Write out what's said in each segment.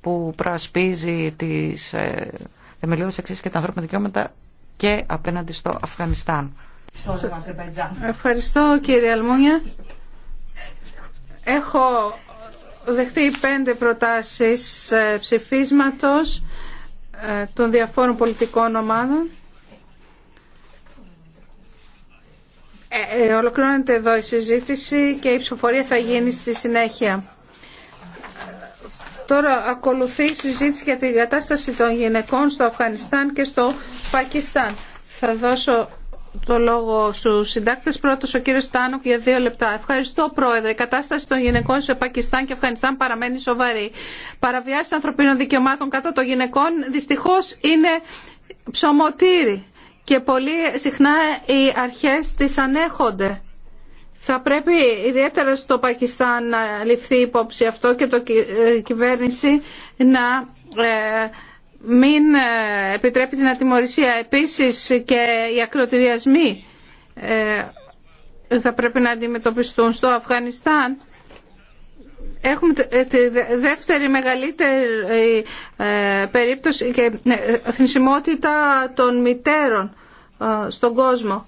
που προασπίζει τις ε, θεμελιώδεις και τα ανθρώπινα δικαιώματα και απέναντι στο Αφγανιστάν. Ευχαριστώ κύριε Αλμούνια. Έχω δεχτεί πέντε προτάσεις ε, ψηφίσματος ε, των διαφόρων πολιτικών ομάδων. Ε, ολοκληρώνεται εδώ η συζήτηση και η ψηφοφορία θα γίνει στη συνέχεια. Τώρα ακολουθεί η συζήτηση για την κατάσταση των γυναικών στο Αφγανιστάν και στο Πακιστάν. Θα δώσω το λόγο στου συντάκτε. Πρώτο ο κύριο Τάνοκ για δύο λεπτά. Ευχαριστώ, Πρόεδρε. Η κατάσταση των γυναικών στο Πακιστάν και Αφγανιστάν παραμένει σοβαρή. Παραβιάσει ανθρωπίνων δικαιωμάτων κατά των γυναικών δυστυχώ είναι ψωμοτήρι και πολύ συχνά οι αρχές τις ανέχονται θα πρέπει ιδιαίτερα στο Πακιστάν να ληφθεί υπόψη αυτό και το ε, κυβέρνηση να ε, μην ε, επιτρέπει την ατιμορρησία. Επίσης και οι ακροτηριασμοί θα πρέπει να αντιμετωπιστούν στο Αφγανιστάν. Έχουμε τη δεύτερη μεγαλύτερη περίπτωση και θνησιμότητα των μητέρων στον κόσμο.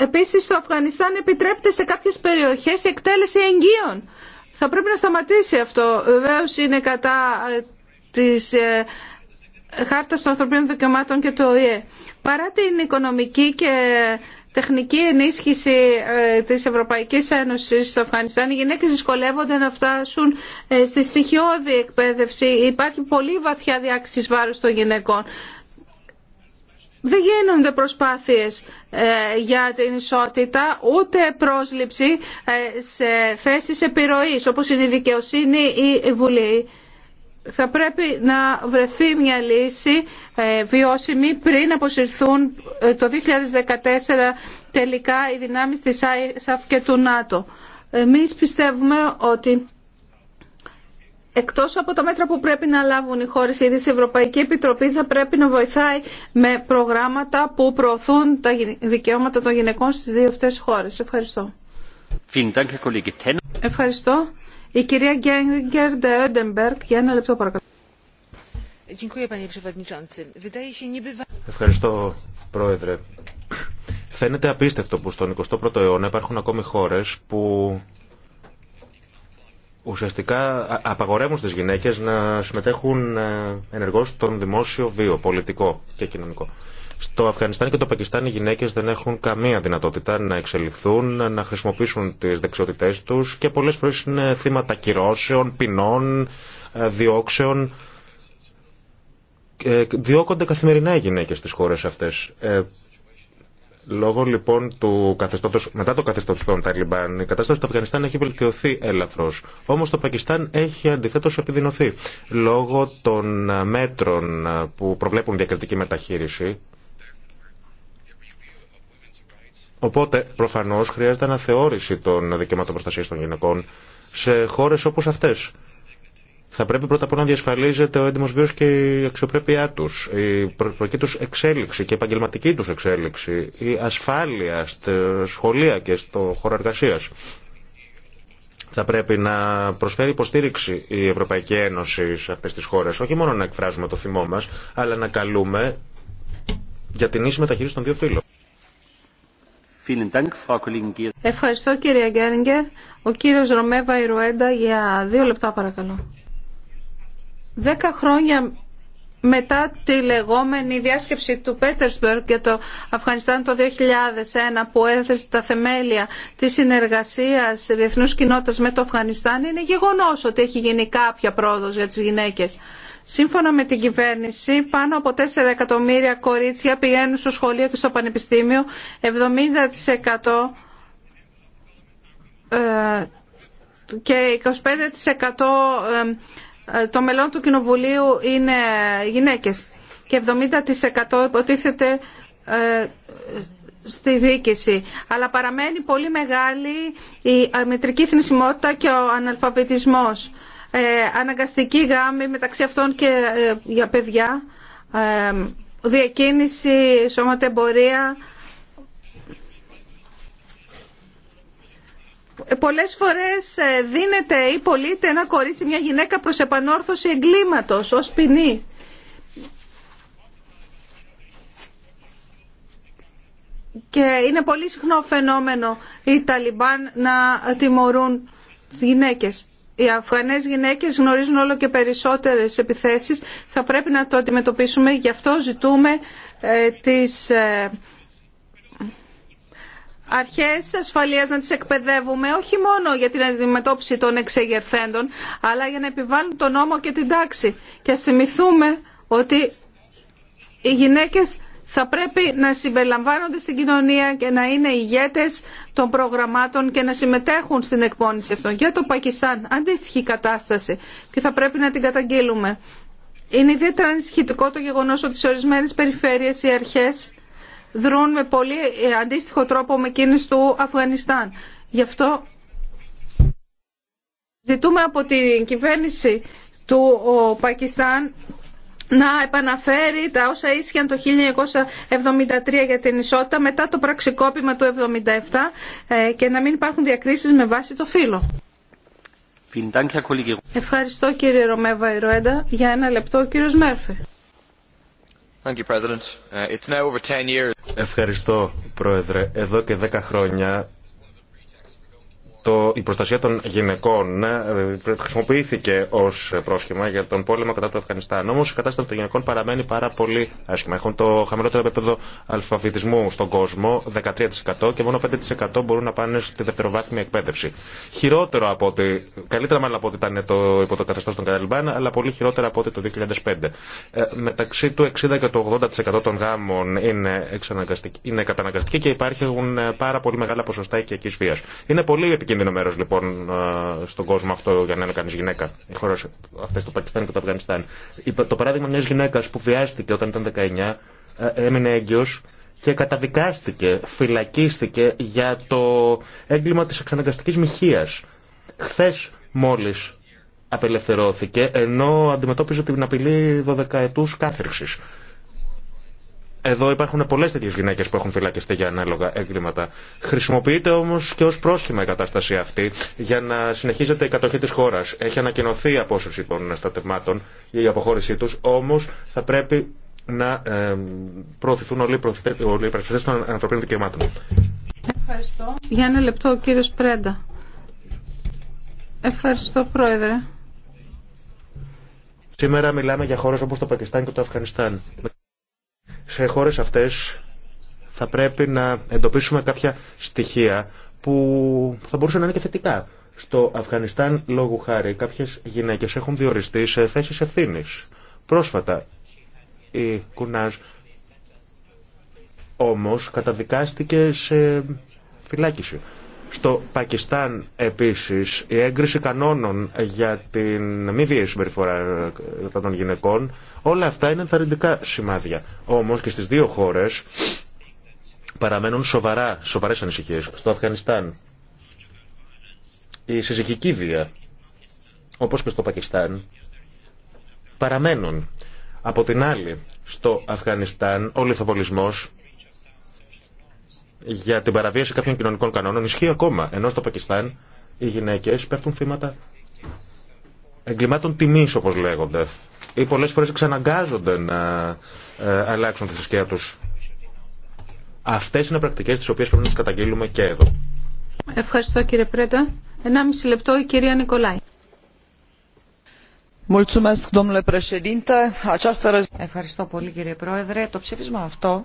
Επίσης στο Αφγανιστάν επιτρέπεται σε κάποιες περιοχές η εκτέλεση εγγύων. Θα πρέπει να σταματήσει αυτό. Βεβαίω είναι κατά ε, της ε, Χάρτας των Ανθρωπίνων Δικαιωμάτων και του ΟΗΕ. Παρά την οικονομική και τεχνική ενίσχυση ε, της Ευρωπαϊκής Ένωσης στο Αφγανιστάν, οι γυναίκες δυσκολεύονται να φτάσουν στη στοιχειώδη εκπαίδευση. Υπάρχει πολύ βαθιά διάξηση βάρους των γυναικών δεν γίνονται προσπάθειες ε, για την ισότητα ούτε πρόσληψη ε, σε θέσεις επιρροής όπως είναι η δικαιοσύνη ή η Βουλή. Θα πρέπει να βρεθεί μια λύση ε, βιώσιμη πριν αποσυρθούν το 2014 τελικά οι δυνάμεις της ΆΙΣΑΦ και του ΝΑΤΟ. Εμείς πιστεύουμε ότι εκτός από τα μέτρα που πρέπει να λάβουν οι χώρες, η Ευρωπαϊκή Επιτροπή θα πρέπει να βοηθάει με προγράμματα που προωθούν τα δικαιώματα των γυναικών στις δύο αυτές χώρες. Ευχαριστώ. Ευχαριστώ. Η κυρία Γκένγκερ Ντεόντεμπεργκ για ένα λεπτό παρακαλώ. Ευχαριστώ, Πρόεδρε. Φαίνεται απίστευτο που στον 21ο αιώνα υπάρχουν ακόμη χώρες που ουσιαστικά απαγορεύουν στις γυναίκες να συμμετέχουν ε, ενεργώς στον δημόσιο βίο, πολιτικό και κοινωνικό. Στο Αφγανιστάν και το Πακιστάν οι γυναίκες δεν έχουν καμία δυνατότητα να εξελιχθούν, να χρησιμοποιήσουν τις δεξιότητές τους και πολλές φορές είναι θύματα κυρώσεων, ποινών, ε, διώξεων. Ε, διώκονται καθημερινά οι γυναίκες στις χώρες αυτές. Λόγω λοιπόν του καθεστώτος, μετά το καθεστώτος των Ταλιμπάν, η κατάσταση του Αφγανιστάν έχει βελτιωθεί ελαφρώς. Όμως το Πακιστάν έχει αντιθέτως επιδεινωθεί. Λόγω των μέτρων που προβλέπουν διακριτική μεταχείριση, Οπότε, προφανώ, χρειάζεται αναθεώρηση των δικαιωμάτων προστασία των γυναικών σε χώρε όπω αυτέ θα πρέπει πρώτα απ' όλα να διασφαλίζεται ο έντιμο βίο και η αξιοπρέπειά του, η προσωπική του εξέλιξη και η επαγγελματική του εξέλιξη, η ασφάλεια στα σχολεία και στο χώρο εργασία. Θα πρέπει να προσφέρει υποστήριξη η Ευρωπαϊκή Ένωση σε αυτέ τι χώρε. Όχι μόνο να εκφράζουμε το θυμό μα, αλλά να καλούμε για την ίση μεταχείριση των δύο φύλων. Ευχαριστώ κύριε Γκέρνγκερ. Ο κύριος Ρωμέβα Ιρουέντα για δύο λεπτά παρακαλώ. Δέκα χρόνια μετά τη λεγόμενη διάσκεψη του Πέτερσμπεργκ για το Αφγανιστάν το 2001 που έθεσε τα θεμέλια της συνεργασίας διεθνούς κοινότητας με το Αφγανιστάν είναι γεγονός ότι έχει γίνει κάποια πρόοδος για τις γυναίκες. Σύμφωνα με την κυβέρνηση, πάνω από 4 εκατομμύρια κορίτσια πηγαίνουν στο σχολείο και στο πανεπιστήμιο, 70% ε, και 25% ε, το μελών του Κοινοβουλίου είναι γυναίκες και 70% υποτίθεται ε, στη δίκηση. Αλλά παραμένει πολύ μεγάλη η μετρική θνησιμότητα και ο αναλφαβητισμός. Ε, αναγκαστική γάμη μεταξύ αυτών και για παιδιά, διακίνηση, σώματεμπορία, Ε, πολλές φορές ε, δίνεται ή πωλείται ένα κορίτσι, μια γυναίκα προς επανόρθωση εγκλήματος ως ποινή. Και είναι πολύ συχνό φαινόμενο οι Ταλιμπάν να τιμωρούν τις γυναίκες. Οι Αφγανές γυναίκες γνωρίζουν όλο και περισσότερες επιθέσεις. Θα πρέπει να το αντιμετωπίσουμε. Γι' αυτό ζητούμε ε, τις αρχές ασφαλείας να τις εκπαιδεύουμε όχι μόνο για την αντιμετώπιση των εξεγερθέντων αλλά για να επιβάλλουν τον νόμο και την τάξη. Και ας θυμηθούμε ότι οι γυναίκες θα πρέπει να συμπεριλαμβάνονται στην κοινωνία και να είναι ηγέτες των προγραμμάτων και να συμμετέχουν στην εκπόνηση αυτών. Για το Πακιστάν, αντίστοιχη κατάσταση και θα πρέπει να την καταγγείλουμε. Είναι ιδιαίτερα ανησυχητικό το γεγονός ότι σε ορισμένες περιφέρειες οι αρχές δρούν με πολύ ε, αντίστοιχο τρόπο με κίνηση του Αφγανιστάν. Γι' αυτό ζητούμε από την κυβέρνηση του Πακιστάν να επαναφέρει τα όσα ίσχυαν το 1973 για την ισότητα μετά το πραξικόπημα του 1977 ε, και να μην υπάρχουν διακρίσεις με βάση το φύλλο. Ευχαριστώ κύριε Ρωμέβα Ιρουέντα. Για ένα λεπτό ο κύριος Μέρφη. Uh, Ευχαριστώ, Πρόεδρε. Εδώ και δέκα χρόνια το, η προστασία των γυναικών ε, χρησιμοποιήθηκε ω πρόσχημα για τον πόλεμο κατά του Αφγανιστάν. Όμω η κατάσταση των γυναικών παραμένει πάρα πολύ άσχημα. Έχουν το χαμηλότερο επίπεδο αλφαβητισμού στον κόσμο, 13% και μόνο 5% μπορούν να πάνε στη δευτεροβάθμια εκπαίδευση. Χειρότερο από ότι, καλύτερα μάλλον από ότι ήταν το, υπό το καθεστώ των Καραλμπάν, αλλά πολύ χειρότερα από ότι το 2005. Ε, μεταξύ του 60 και του 80% των γάμων είναι, είναι καταναγκαστικοί και υπάρχουν ε, πάρα πολύ μεγάλα ποσοστά οικιακή βία. Είναι πολύ επικίνδυνο μέρο λοιπόν ε, στον κόσμο αυτό για να είναι κανεί γυναίκα. Οι χώρε αυτέ, το Πακιστάν και το Αφγανιστάν. Το παράδειγμα μια γυναίκα που βιάστηκε όταν ήταν 19, ε, έμεινε έγκυο και καταδικάστηκε, φυλακίστηκε για το έγκλημα τη εξαναγκαστική μοιχεία. Χθε μόλι απελευθερώθηκε ενώ αντιμετώπιζε την απειλή 12 ετούς εδώ υπάρχουν πολλέ τέτοιε γυναίκε που έχουν φυλακιστεί για ανάλογα έγκληματα. Χρησιμοποιείται όμω και ω πρόσχημα η κατάσταση αυτή για να συνεχίζεται η κατοχή τη χώρα. Έχει ανακοινωθεί η απόσυρση των στρατευμάτων ή για αποχώρησή του, όμω θα πρέπει να ε, προωθηθούν όλοι οι υπερασπιστέ των ανθρωπίνων δικαιωμάτων. Ευχαριστώ. Για ένα λεπτό, κύριο Πρέντα. Ευχαριστώ, Πρόεδρε. Σήμερα μιλάμε για χώρες όπως το Πακιστάν και το Αφγανιστάν. Σε χώρες αυτές θα πρέπει να εντοπίσουμε κάποια στοιχεία που θα μπορούσαν να είναι και θετικά. Στο Αφγανιστάν, λόγου χάρη, κάποιες γυναίκες έχουν διοριστεί σε θέσεις ευθύνη. Πρόσφατα, η Κουνάζ όμως καταδικάστηκε σε φυλάκιση. Στο Πακιστάν επίσης η έγκριση κανόνων για την μη βίαιη συμπεριφορά των γυναικών Όλα αυτά είναι ενθαρρυντικά σημάδια. Όμω και στι δύο χώρε παραμένουν σοβαρά, σοβαρές ανησυχίες. Στο Αφγανιστάν, η συζυγική βία, όπως και στο Πακιστάν, παραμένουν. Από την άλλη, στο Αφγανιστάν, ο λιθοβολισμός για την παραβίαση κάποιων κοινωνικών κανόνων ισχύει ακόμα, ενώ στο Πακιστάν οι γυναίκε πέφτουν θύματα εγκλημάτων τιμή, όπω λέγονται ή ε, πολλές φορές εξαναγκάζονται να ε, αλλάξουν τη θρησκεία τους. Αυτές είναι πρακτικές τις οποίες πρέπει να τις καταγγείλουμε και εδώ. Ευχαριστώ κύριε Πρέτα. Ένα λεπτό η κυρία Νικολάη. Ευχαριστώ πολύ κύριε Πρόεδρε. Το ψήφισμα αυτό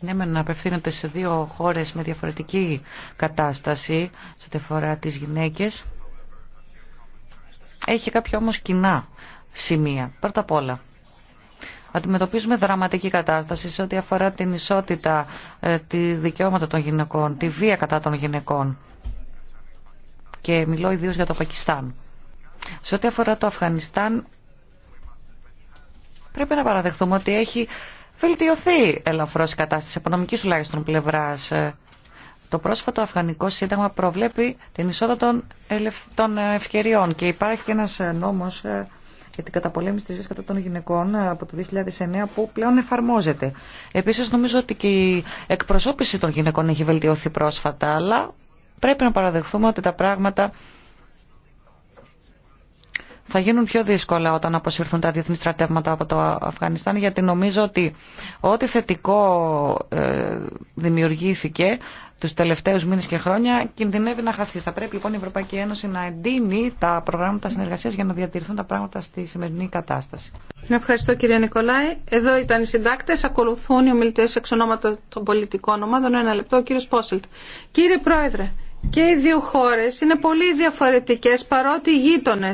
ναι, με να απευθύνεται σε δύο χώρες με διαφορετική κατάσταση σε τεφορά αφορά τις γυναίκες έχει κάποια όμως κοινά σημεία. Πρώτα απ' όλα, αντιμετωπίζουμε δραματική κατάσταση σε ό,τι αφορά την ισότητα, ε, τη δικαιώματα των γυναικών, τη βία κατά των γυναικών. Και μιλώ ιδίως για το Πακιστάν. Σε ό,τι αφορά το Αφγανιστάν, πρέπει να παραδεχθούμε ότι έχει βελτιωθεί ελαφρώς η κατάσταση, οικονομικής τουλάχιστον πλευράς. Ε, το πρόσφατο Αφγανικό Σύνταγμα προβλέπει την ισότητα των, ε, ευκαιριών και υπάρχει και ένας ε, νόμος ε, για την καταπολέμηση της βίας κατά των γυναικών από το 2009 που πλέον εφαρμόζεται. Επίσης νομίζω ότι και η εκπροσώπηση των γυναικών έχει βελτιωθεί πρόσφατα, αλλά πρέπει να παραδεχθούμε ότι τα πράγματα θα γίνουν πιο δύσκολα όταν αποσυρθούν τα διεθνή στρατεύματα από το Αφγανιστάν γιατί νομίζω ότι ό,τι θετικό ε, δημιουργήθηκε του τελευταίου μήνε και χρόνια κινδυνεύει να χαθεί. Θα πρέπει λοιπόν η Ευρωπαϊκή Ένωση να εντείνει τα προγράμματα συνεργασία για να διατηρηθούν τα πράγματα στη σημερινή κατάσταση. Ευχαριστώ κύριε Νικολάη. Εδώ ήταν οι συντάκτε, Ακολουθούν οι ομιλητέ εξ ονόματο των πολιτικών ομάδων. Ένα λεπτό, ο κύριο Πόσελτ. Κύριε Πρόεδρε, και οι δύο χώρε είναι πολύ διαφορετικέ, παρότι γείτονε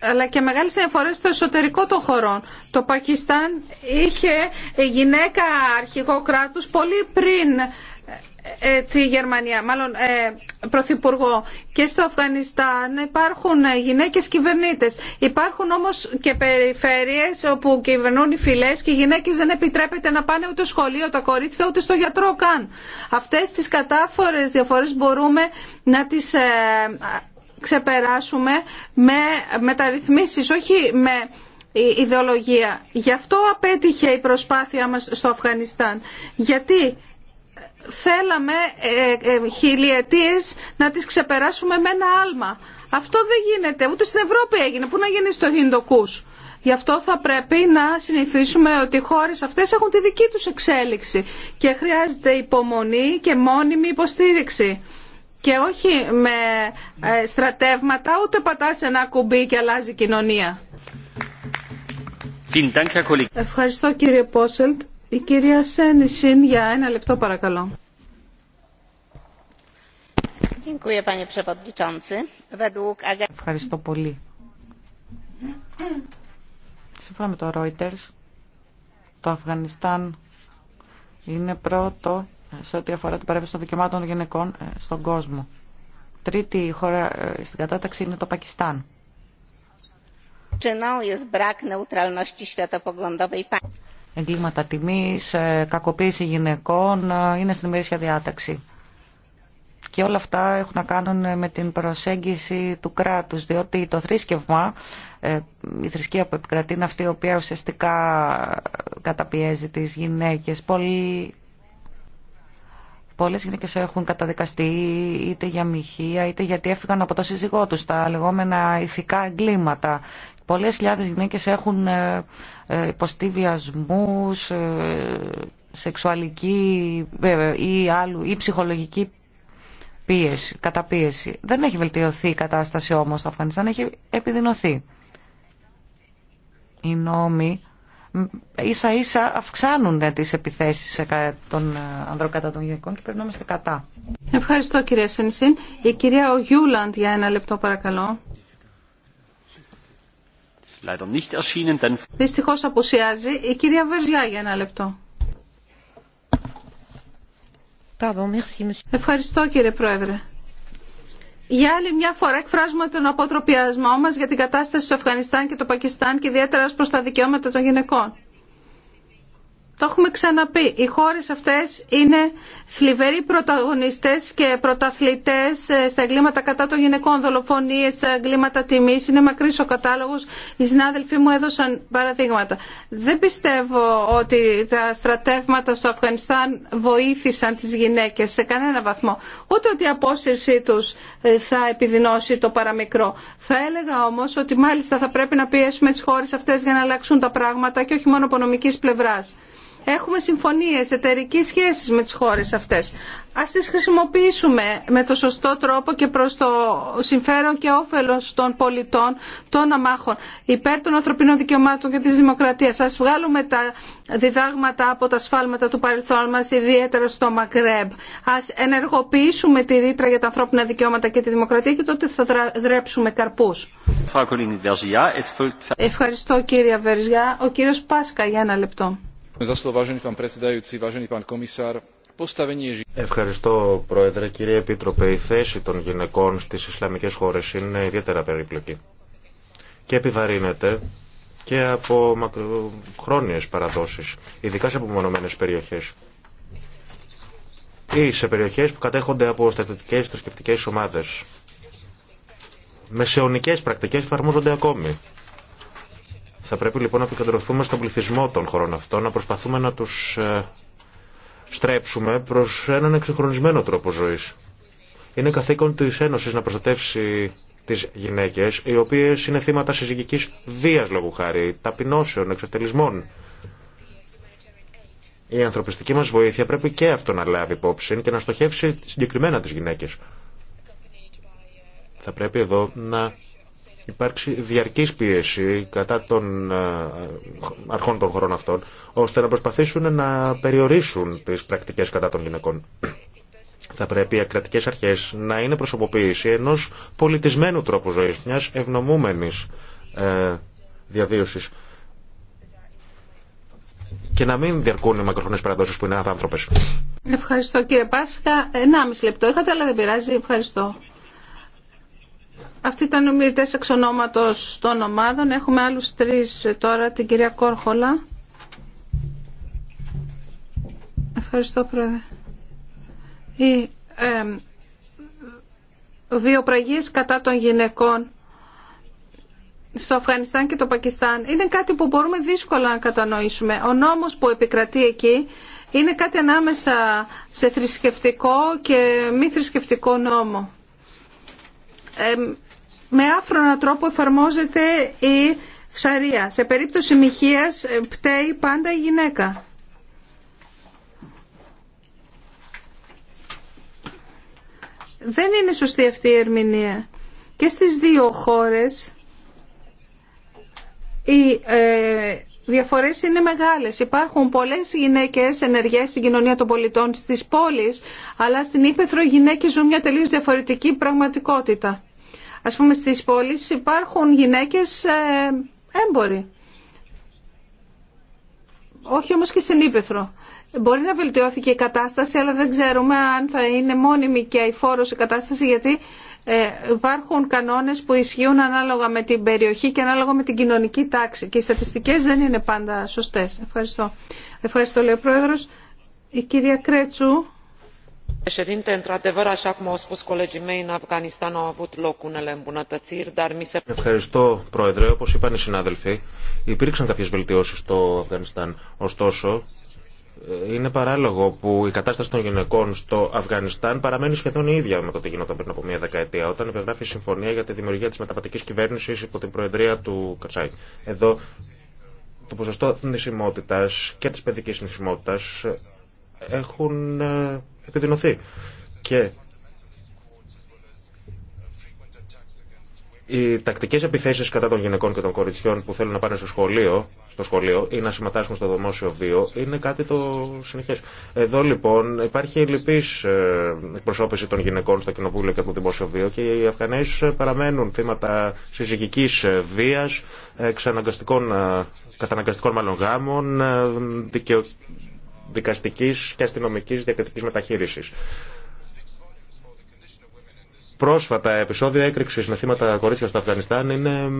αλλά και μεγάλες διαφορές στο εσωτερικό των χωρών. Το Πακιστάν είχε γυναίκα αρχηγό κράτους πολύ πριν ε, ε, τη Γερμανία, μάλλον ε, πρωθυπουργό. Και στο Αφγανιστάν υπάρχουν γυναίκες κυβερνήτες. Υπάρχουν όμως και περιφέρειες όπου κυβερνούν οι φυλές και οι γυναίκες δεν επιτρέπεται να πάνε ούτε στο σχολείο τα κορίτσια ούτε στο γιατρό καν. Αυτές τις κατάφορες διαφορές μπορούμε να τις ξεπεράσουμε με μεταρρυθμίσεις, όχι με ιδεολογία. Γι' αυτό απέτυχε η προσπάθειά μας στο Αφγανιστάν. Γιατί θέλαμε ε, ε, χιλιετίες να τις ξεπεράσουμε με ένα άλμα. Αυτό δεν γίνεται. Ούτε στην Ευρώπη έγινε. Πού να γίνει στο Χιντοκούς. Γι' αυτό θα πρέπει να συνηθίσουμε ότι οι χώρες αυτές έχουν τη δική τους εξέλιξη και χρειάζεται υπομονή και μόνιμη υποστήριξη και όχι με ε, στρατεύματα ούτε πατάς ένα κουμπί και αλλάζει κοινωνία. Ευχαριστώ κύριε Πόσελτ. Η κυρία Σένισιν για ένα λεπτό παρακαλώ. Ευχαριστώ πολύ. Σύμφωνα με το Reuters, το Αφγανιστάν είναι πρώτο σε ό,τι αφορά την παρέμβαση των δικαιωμάτων των γυναικών ε, στον κόσμο. Τρίτη χώρα ε, στην κατάταξη είναι το Πακιστάν. Εγκλήματα τιμή, ε, κακοποίηση γυναικών είναι στην ημερήσια διάταξη. Και όλα αυτά έχουν να κάνουν με την προσέγγιση του κράτους, διότι το θρήσκευμα, η θρησκεία που επικρατεί είναι αυτή η οποία ουσιαστικά καταπιέζει τις γυναίκες. Πολύ Πολλές γυναίκες έχουν καταδικαστεί είτε για μοιχεία είτε γιατί έφυγαν από το σύζυγό τους τα λεγόμενα ηθικά εγκλήματα. Πολλές χιλιάδες γυναίκες έχουν ε, ε, υποστεί βιασμούς, ε, σεξουαλική ή, άλλου, ή ψυχολογική πίεση, καταπίεση. Δεν έχει βελτιωθεί η κατάσταση όμως στο Αφγανιστάν, έχει επιδεινωθεί. Οι νόμοι ίσα ίσα αυξάνουν τι επιθέσει των ε, ανδρών κατά των γυναικών και πρέπει να είμαστε κατά. Ευχαριστώ κυρία Σενσίν. Η κυρία Ογιούλαντ για ένα λεπτό παρακαλώ. Δυστυχώ απουσιάζει. Η κυρία Βερζιά για ένα λεπτό. Ευχαριστώ κύριε Πρόεδρε. Για άλλη μια φορά εκφράζουμε τον αποτροπιασμό μας για την κατάσταση στο Αφγανιστάν και το Πακιστάν και ιδιαίτερα ως προς τα δικαιώματα των γυναικών. Το έχουμε ξαναπεί. Οι χώρες αυτές είναι θλιβεροί πρωταγωνιστές και πρωταθλητές ε, στα εγκλήματα κατά των γυναικών, δολοφονίες, στα εγκλήματα τιμής. Είναι μακρύς ο κατάλογος. Οι συνάδελφοί μου έδωσαν παραδείγματα. Δεν πιστεύω ότι τα στρατεύματα στο Αφγανιστάν βοήθησαν τις γυναίκες σε κανένα βαθμό. Ούτε ότι η απόσυρσή τους ε, θα επιδεινώσει το παραμικρό. Θα έλεγα όμως ότι μάλιστα θα πρέπει να πιέσουμε τις χώρες αυτές για να αλλάξουν τα πράγματα και όχι μόνο από νομικής πλευράς. Έχουμε συμφωνίες, εταιρικές σχέσεις με τις χώρες αυτές. Ας τις χρησιμοποιήσουμε με το σωστό τρόπο και προς το συμφέρον και όφελος των πολιτών, των αμάχων, υπέρ των ανθρωπίνων δικαιωμάτων και της δημοκρατίας. Ας βγάλουμε τα διδάγματα από τα σφάλματα του παρελθόν μας, ιδιαίτερα στο Μαγκρέμπ. Ας ενεργοποιήσουμε τη ρήτρα για τα ανθρώπινα δικαιώματα και τη δημοκρατία και τότε θα δρέψουμε καρπούς. Ευχαριστώ κύριε Βερζιά. Ο κύριος Πάσκα για ένα λεπτό. Ευχαριστώ, Πρόεδρε. Κύριε Επίτροπε, η θέση των γυναικών στις Ισλαμικές χώρες είναι ιδιαίτερα περίπλοκη και επιβαρύνεται και από μακροχρόνιες παραδόσεις, ειδικά σε απομονωμένες περιοχές ή σε περιοχές που κατέχονται από στρατιωτικές θρησκευτικέ ομάδες. Μεσαιωνικές πρακτικές εφαρμόζονται ακόμη θα πρέπει λοιπόν να επικεντρωθούμε στον πληθυσμό των χωρών αυτών, να προσπαθούμε να τους ε, στρέψουμε προς έναν εξυγχρονισμένο τρόπο ζωής. Είναι καθήκον της Ένωσης να προστατεύσει τις γυναίκες, οι οποίες είναι θύματα συζυγικής βίας λόγου χάρη, ταπεινώσεων, εξευτελισμών. Η ανθρωπιστική μας βοήθεια πρέπει και αυτό να λάβει υπόψη και να στοχεύσει συγκεκριμένα τις γυναίκες. Θα πρέπει εδώ να υπάρξει διαρκής πίεση κατά των ε, αρχών των χωρών αυτών, ώστε να προσπαθήσουν να περιορίσουν τις πρακτικές κατά των γυναικών. Θα πρέπει οι κρατικές αρχές να είναι προσωποποίηση ενός πολιτισμένου τρόπου ζωής, μιας ευνομούμενης ε, διαβίωσης και να μην διαρκούν οι μακροχρόνιες παραδόσεις που είναι άνθρωπες. Ευχαριστώ κύριε Πάσχα. μισή λεπτό είχατε, αλλά δεν πειράζει. Ευχαριστώ. Αυτοί ήταν οι ομιλητέ εξ ονόματο των ομάδων. Έχουμε άλλους τρεις τώρα, την κυρία Κόρχολα. Ευχαριστώ, Πρόεδρε. Οι ε, βιοπραγίες κατά των γυναικών στο Αφγανιστάν και το Πακιστάν είναι κάτι που μπορούμε δύσκολα να κατανοήσουμε. Ο νόμος που επικρατεί εκεί είναι κάτι ανάμεσα σε θρησκευτικό και μη θρησκευτικό νόμο με άφρονα τρόπο εφαρμόζεται η σαρία. Σε περίπτωση μοιχείας ε, πταίει πάντα η γυναίκα. Δεν είναι σωστή αυτή η ερμηνεία. Και στις δύο χώρες οι ε, διαφορές είναι μεγάλες. Υπάρχουν πολλές γυναίκες ενεργές στην κοινωνία των πολιτών στις πόλεις, αλλά στην Ήπεθρο οι γυναίκες ζουν μια τελείως διαφορετική πραγματικότητα. Ας πούμε στις πόλεις υπάρχουν γυναίκες ε, έμποροι. Όχι όμως και στην Ήπεθρο. Μπορεί να βελτιώθηκε η κατάσταση, αλλά δεν ξέρουμε αν θα είναι μόνιμη και η φόρος η κατάσταση, γιατί ε, υπάρχουν κανόνες που ισχύουν ανάλογα με την περιοχή και ανάλογα με την κοινωνική τάξη. Και οι στατιστικές δεν είναι πάντα σωστές. Ευχαριστώ. Ευχαριστώ, λέει ο Πρόεδρος. Η κυρία Κρέτσου ευχαριστώ πρόεδρε όπως είπαν οι συνάδελφοι υπήρξαν κάποιες βελτιώσεις στο αφγανιστάν ωστόσο ε, είναι παράλογο που η κατάσταση των γυναικών στο Αφγανιστάν παραμένει σχεδόν η ίδια με το τι γινόταν πριν από μία δεκαετία, όταν υπεγράφει η συμφωνία για τη δημιουργία τη μεταβατική κυβέρνηση υπό την προεδρία του Κατσάι. Εδώ το ποσοστό θνησιμότητα και τη παιδική θνησιμότητα ε, έχουν ε, επιδεινωθεί. Και οι τακτικέ επιθέσει κατά των γυναικών και των κοριτσιών που θέλουν να πάνε στο σχολείο, στο σχολείο ή να συμμετάσχουν στο δημόσιο βίο είναι κάτι το συνεχέ. Εδώ λοιπόν υπάρχει λυπή ε, εκπροσώπηση των γυναικών στο κοινοβούλιο και το δημόσιο βίο και οι Αφγανέ παραμένουν θύματα συζυγική ε, βία, ε, καταναγκαστικών μάλλον γάμων, δικαιο, δικαστικής και αστυνομικής διακριτικής μεταχείρισης. Πρόσφατα επεισόδια έκρηξη με θύματα κορίτσια στο Αφγανιστάν είναι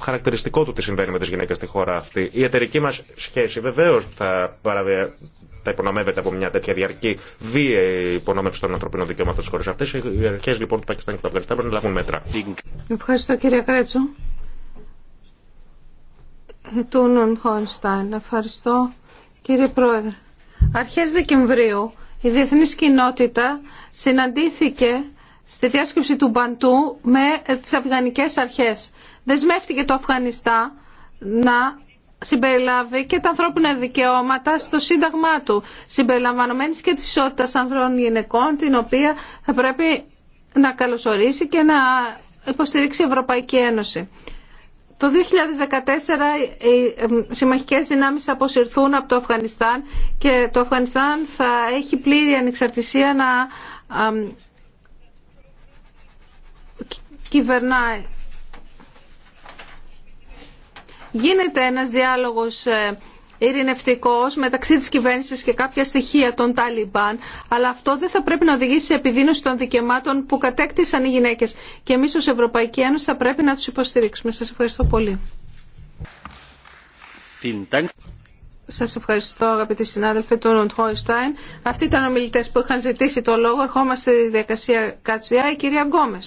χαρακτηριστικό του τι συμβαίνει με τι γυναίκε στη χώρα αυτή. Η εταιρική μα σχέση βεβαίω θα, παραβε... θα υπονομεύεται από μια τέτοια διαρκή βίαιη υπονόμευση των ανθρωπίνων δικαιωμάτων τη χώρα αυτή. Οι αρχέ λοιπόν του Πακιστάν και του Αφγανιστάν πρέπει να λάβουν μέτρα. Ευχαριστώ κύριε Κρέτσο. Ε, Ευχαριστώ κύριε Πρόεδρε. Αρχές Δεκεμβρίου η διεθνής κοινότητα συναντήθηκε στη διάσκεψη του Μπαντού με τις αφγανικές αρχές. Δεσμεύτηκε το Αφγανιστά να συμπεριλάβει και τα ανθρώπινα δικαιώματα στο σύνταγμά του, συμπεριλαμβανομένης και της ισότητας ανθρώπων γυναικών, την οποία θα πρέπει να καλωσορίσει και να υποστηρίξει η Ευρωπαϊκή Ένωση. Το 2014 οι συμμαχικές δυνάμεις θα αποσυρθούν από το Αφγανιστάν και το Αφγανιστάν θα έχει πλήρη ανεξαρτησία να κυβερνάει. Γίνεται ένας διάλογος ε, ειρηνευτικό μεταξύ τη κυβέρνηση και κάποια στοιχεία των Ταλιμπάν, αλλά αυτό δεν θα πρέπει να οδηγήσει σε επιδείνωση των δικαιωμάτων που κατέκτησαν οι γυναίκε. Και εμεί ω Ευρωπαϊκή Ένωση θα πρέπει να του υποστηρίξουμε. Σα ευχαριστώ πολύ. Σα ευχαριστώ αγαπητοί συνάδελφοι του Ρουντ Χόιστάιν. Αυτοί ήταν μιλητέ που είχαν ζητήσει το λόγο. Ερχόμαστε στη διαδικασία Κατσιά, η κυρία Γκόμε.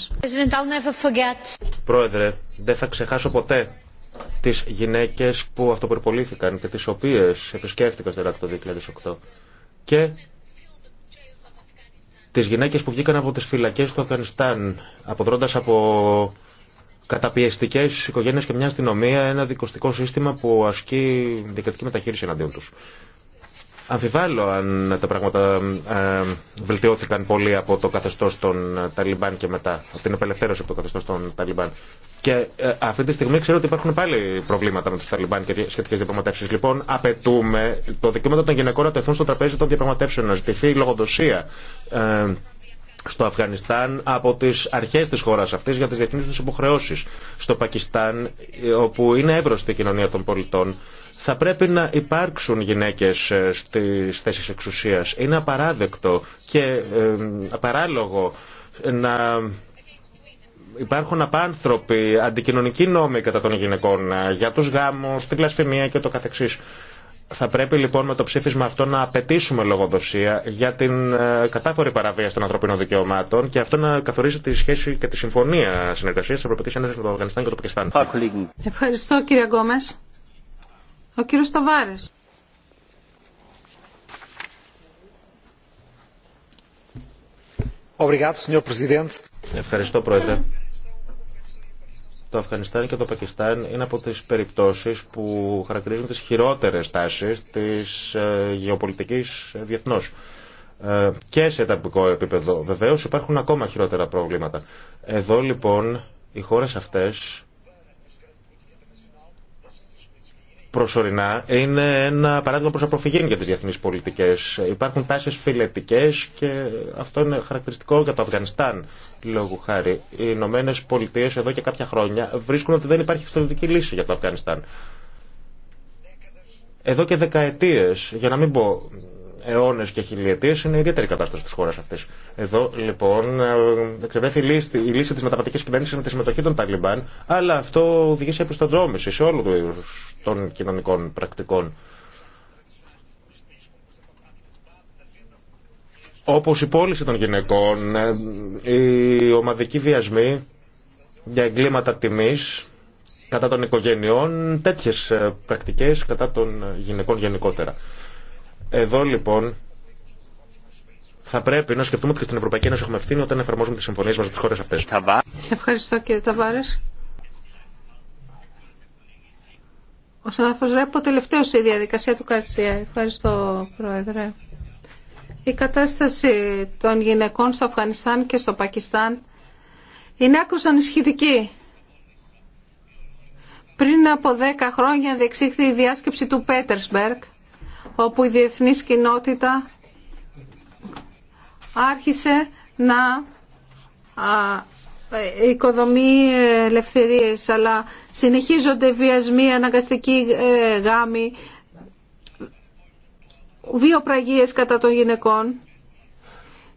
Πρόεδρε, δεν θα ξεχάσω ποτέ τις γυναίκες που αυτοπερπολήθηκαν και τις οποίες επισκέφτηκα στο Ιράκ το 2008 και τις γυναίκες που βγήκαν από τις φυλακές του Αφγανιστάν αποδρώντας από καταπιεστικές οικογένειες και μια αστυνομία ένα δικοστικό σύστημα που ασκεί δικαιωτική μεταχείριση εναντίον τους. Αμφιβάλλω αν τα πράγματα ε, βελτιώθηκαν πολύ από το καθεστώ των ε, Ταλιμπάν και μετά, από την απελευθέρωση από το καθεστώ των Ταλιμπάν. Και ε, αυτή τη στιγμή ξέρω ότι υπάρχουν πάλι προβλήματα με του Ταλιμπάν και σχετικέ διαπραγματεύσει. Λοιπόν, απαιτούμε το δικαίωμα των γυναικών να τεθούν στο τραπέζι των διαπραγματεύσεων, να ζητηθεί λογοδοσία, στο Αφγανιστάν από τις αρχές της χώρας αυτή, για τις διεθνεί του υποχρεώσει. Στο Πακιστάν, όπου είναι εύρωστη η κοινωνία των πολιτών, θα πρέπει να υπάρξουν γυναίκες ε, στις θέσεις εξουσίας. Είναι απαράδεκτο και ε, παράλογο να υπάρχουν απάνθρωποι, αντικοινωνικοί νόμοι κατά των γυναικών ε, για τους γάμους, την πλασφημία και το καθεξής. Θα πρέπει λοιπόν με το ψήφισμα αυτό να απαιτήσουμε λογοδοσία για την ε, κατάφορη παραβίαση των ανθρωπίνων δικαιωμάτων και αυτό να καθορίζει τη σχέση και τη συμφωνία συνεργασία τη Ευρωπαϊκή Ένωση με το Αφγανιστάν και το Πακιστάν. Ευχαριστώ κύριε Γκόμε. Ο κύριο Σταβάρη. Ευχαριστώ πρόεδρε. Το Αφγανιστάν και το Πακιστάν είναι από τις περιπτώσεις που χαρακτηρίζουν τις χειρότερες τάσεις της ε, γεωπολιτικής ε, διεθνώς ε, και σε ταπικό επίπεδο. Βεβαίως υπάρχουν ακόμα χειρότερα προβλήματα. Εδώ λοιπόν οι χώρες αυτές προσωρινά είναι ένα παράδειγμα προς αποφυγή για τις διεθνείς πολιτικές. Υπάρχουν τάσεις φιλετικέ και αυτό είναι χαρακτηριστικό για το Αφγανιστάν, λόγου χάρη. Οι Ηνωμένε Πολιτείε εδώ και κάποια χρόνια βρίσκουν ότι δεν υπάρχει φιλετική λύση για το Αφγανιστάν. Εδώ και δεκαετίες, για να μην πω αιώνε και χιλιετίε είναι ιδιαίτερη κατάσταση τη χώρα αυτή. Εδώ λοιπόν ε, εξευρέθη η λύση, η τη μεταβατική κυβέρνηση με τη συμμετοχή των Ταλιμπάν, αλλά αυτό οδηγεί σε επιστοδρόμηση σε όλου του των κοινωνικών πρακτικών. Όπως η πώληση των γυναικών, ε, οι ομαδικοί βιασμοί για εγκλήματα τιμής κατά των οικογενειών, τέτοιες ε, πρακτικές κατά των γυναικών γενικότερα. Εδώ λοιπόν θα πρέπει να σκεφτούμε ότι και στην Ευρωπαϊκή Ένωση έχουμε ευθύνη όταν εφαρμόζουμε τις συμφωνίες μα με τι χώρε αυτέ. Ευχαριστώ κύριε Ταβάρε. Ο συνάδελφος Ρέπο τελευταίο στη διαδικασία του Καρσία. Ευχαριστώ, Πρόεδρε. Η κατάσταση των γυναικών στο Αφγανιστάν και στο Πακιστάν είναι άκρως ανισχυτική. Πριν από 10 χρόνια διεξήχθη η διάσκεψη του Πέτερσμπεργκ, όπου η διεθνής κοινότητα άρχισε να ε, οικοδομή ε, ελευθερίες, αλλά συνεχίζονται βιασμοί, αναγκαστικοί ε, γάμοι, βιοπραγίες κατά των γυναικών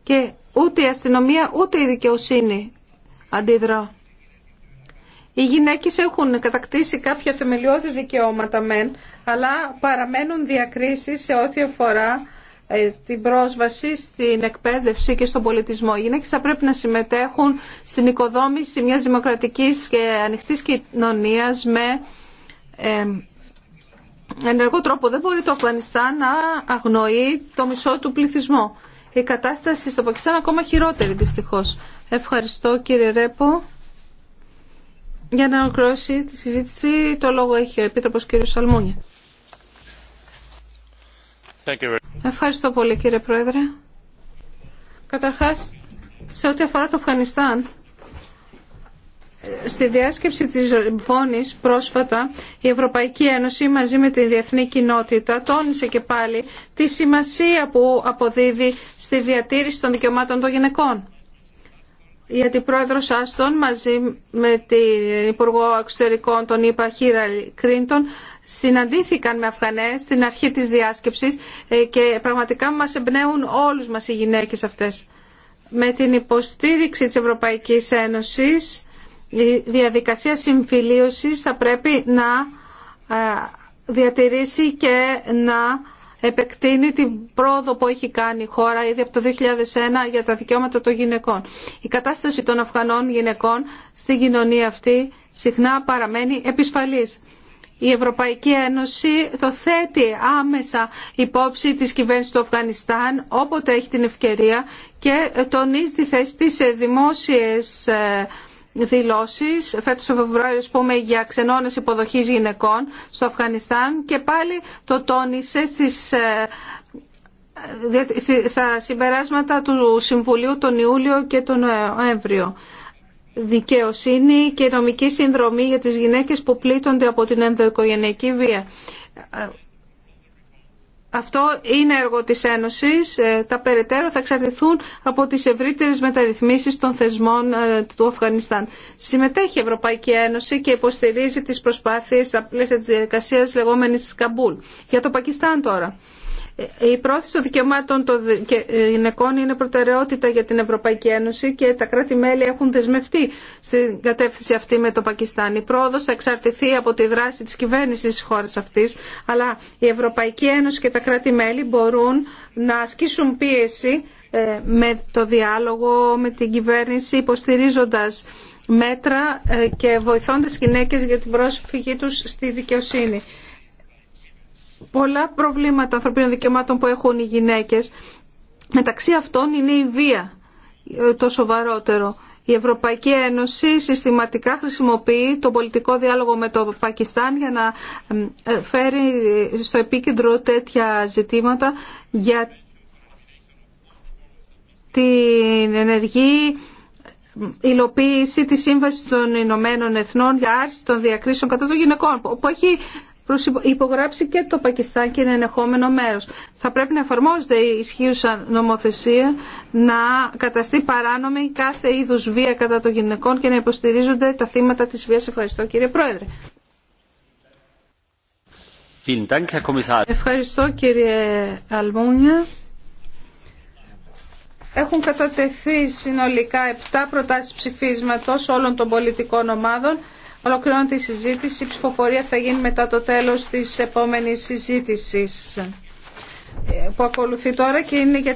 και ούτε η αστυνομία ούτε η δικαιοσύνη αντίδρα. Οι γυναίκες έχουν κατακτήσει κάποια θεμελιώδη δικαιώματα μεν, αλλά παραμένουν διακρίσεις σε ό,τι αφορά ε, την πρόσβαση στην εκπαίδευση και στον πολιτισμό. Οι γυναίκες θα πρέπει να συμμετέχουν στην οικοδόμηση μιας δημοκρατικής και ανοιχτής κοινωνίας με ε, ενεργό τρόπο. Δεν μπορεί το Αφγανιστάν να αγνοεί το μισό του πληθυσμό. Η κατάσταση στο Πακιστάν ακόμα χειρότερη δυστυχώς. Ευχαριστώ κύριε Ρέπο. Για να ολοκληρώσει τη συζήτηση, το λόγο έχει ο Επίτροπος κ. Σαλμούνια. Ευχαριστώ πολύ κύριε Πρόεδρε. Καταρχάς, σε ό,τι αφορά το Αφγανιστάν, στη διάσκεψη της Βόνης πρόσφατα η Ευρωπαϊκή Ένωση μαζί με τη διεθνή κοινότητα τόνισε και πάλι τη σημασία που αποδίδει στη διατήρηση των δικαιωμάτων των γυναικών η Πρόεδρος Άστον μαζί με την Υπουργό Εξωτερικών τον είπα, Χίρα Κρίντον συναντήθηκαν με Αφγανές στην αρχή της διάσκεψης ε, και πραγματικά μας εμπνέουν όλους μας οι γυναίκες αυτές. Με την υποστήριξη της Ευρωπαϊκής Ένωσης η διαδικασία συμφιλίωσης θα πρέπει να ε, διατηρήσει και να επεκτείνει την πρόοδο που έχει κάνει η χώρα ήδη από το 2001 για τα δικαιώματα των γυναικών. Η κατάσταση των Αφγανών γυναικών στην κοινωνία αυτή συχνά παραμένει επισφαλής. Η Ευρωπαϊκή Ένωση το θέτει άμεσα υπόψη της κυβέρνησης του Αφγανιστάν όποτε έχει την ευκαιρία και τονίζει τη θέση της σε δημόσιες ε, δηλώσεις φέτος το Φεβρουάριο πούμε, για ξενώνε υποδοχή γυναικών στο Αφγανιστάν και πάλι το τόνισε στις ε, ε, στα συμπεράσματα του Συμβουλίου τον Ιούλιο και τον ε, Νοέμβριο. Δικαιοσύνη και νομική συνδρομή για τις γυναίκες που πλήττονται από την ενδοοικογενειακή βία αυτό είναι έργο της Ένωσης. Ε, τα περαιτέρω θα εξαρτηθούν από τις ευρύτερες μεταρρυθμίσεις των θεσμών ε, του Αφγανιστάν. Συμμετέχει η Ευρωπαϊκή Ένωση και υποστηρίζει τις προσπάθειες στα της διαδικασίας λεγόμενης Καμπούλ. Για το Πακιστάν τώρα. Η πρόθεση των δικαιωμάτων των ε, γυναικών είναι προτεραιότητα για την Ευρωπαϊκή Ένωση και τα κράτη-μέλη έχουν δεσμευτεί στην κατεύθυνση αυτή με το Πακιστάν. Η πρόοδος θα εξαρτηθεί από τη δράση της κυβέρνησης της χώρας αυτής, αλλά η Ευρωπαϊκή Ένωση και τα κράτη-μέλη μπορούν να ασκήσουν πίεση ε, με το διάλογο, με την κυβέρνηση, υποστηρίζοντας μέτρα ε, και βοηθώντας γυναίκες για την πρόσφυγή τους στη δικαιοσύνη πολλά προβλήματα ανθρωπίνων δικαιωμάτων που έχουν οι γυναίκες. Μεταξύ αυτών είναι η βία ε, το σοβαρότερο. Η Ευρωπαϊκή Ένωση συστηματικά χρησιμοποιεί τον πολιτικό διάλογο με το Πακιστάν για να ε, φέρει στο επίκεντρο τέτοια ζητήματα για την ενεργή υλοποίηση της Σύμβασης των Ηνωμένων Εθνών για άρση των διακρίσεων κατά των γυναικών που έχει υπογράψει και το Πακιστάν και είναι ενεχόμενο μέρος. Θα πρέπει να εφαρμόζεται η ισχύουσα νομοθεσία, να καταστεί παράνομη κάθε είδους βία κατά των γυναικών και να υποστηρίζονται τα θύματα της βίας. Ευχαριστώ κύριε Πρόεδρε. Ευχαριστώ κύριε Αλμούνια. Έχουν κατατεθεί συνολικά 7 προτάσεις ψηφίσματος όλων των πολιτικών ομάδων. Ολοκληρώνεται η συζήτηση. Η ψηφοφορία θα γίνει μετά το τέλος της επόμενης συζήτησης ε, που ακολουθεί τώρα και είναι για